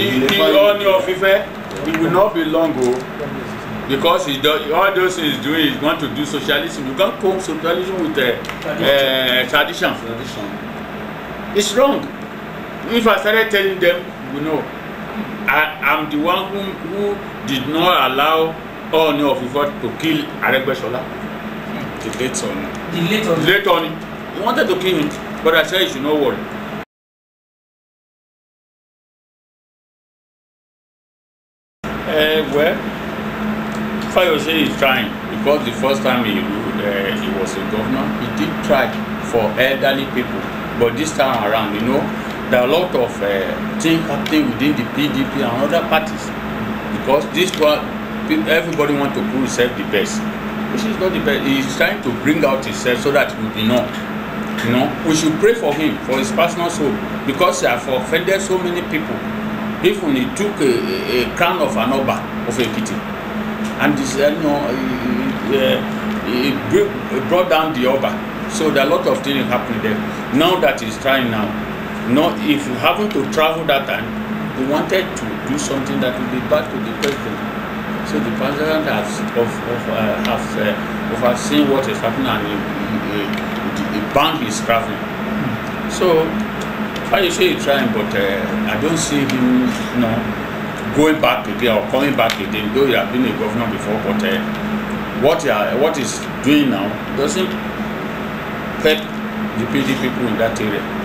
he, he only of Ife, he will not be long o oh. because he do, all those things he's doing is going to do socialism you can't cope socialism with uh, uh, tradition. tradition it's wrong if I started telling them you know I am the one who, who did not allow Ooni of Ife to kill Aregbesola the late the late Ooni the late Ooni he wanted to kill him but I said you should not worry Uh, well, Fayose is trying because the first time he uh, he was a governor. He did try for elderly people, but this time around, you know, there are a lot of uh, things happening within the PDP and other parties because this one, everybody wants to prove himself the best, which is not the best. He's trying to bring out himself so that we will be known. You know, we should pray for him, for his personal soul, because he has offended so many people. even he took a, a crown of an oba of kitty and he said no he, he, he brought down the oba so there are a lot of things happening there now that he's trying now no if you happen to travel that time he wanted to do something that will be bad to the president so the president has of, of uh, has uh, overseen what is happening and he, he, he banned his traveling so You say he's trying, but uh, I don't see him, you know, going back again or coming back again. Though he has been a governor before, but uh, what he what is doing now doesn't help the PD people in that area.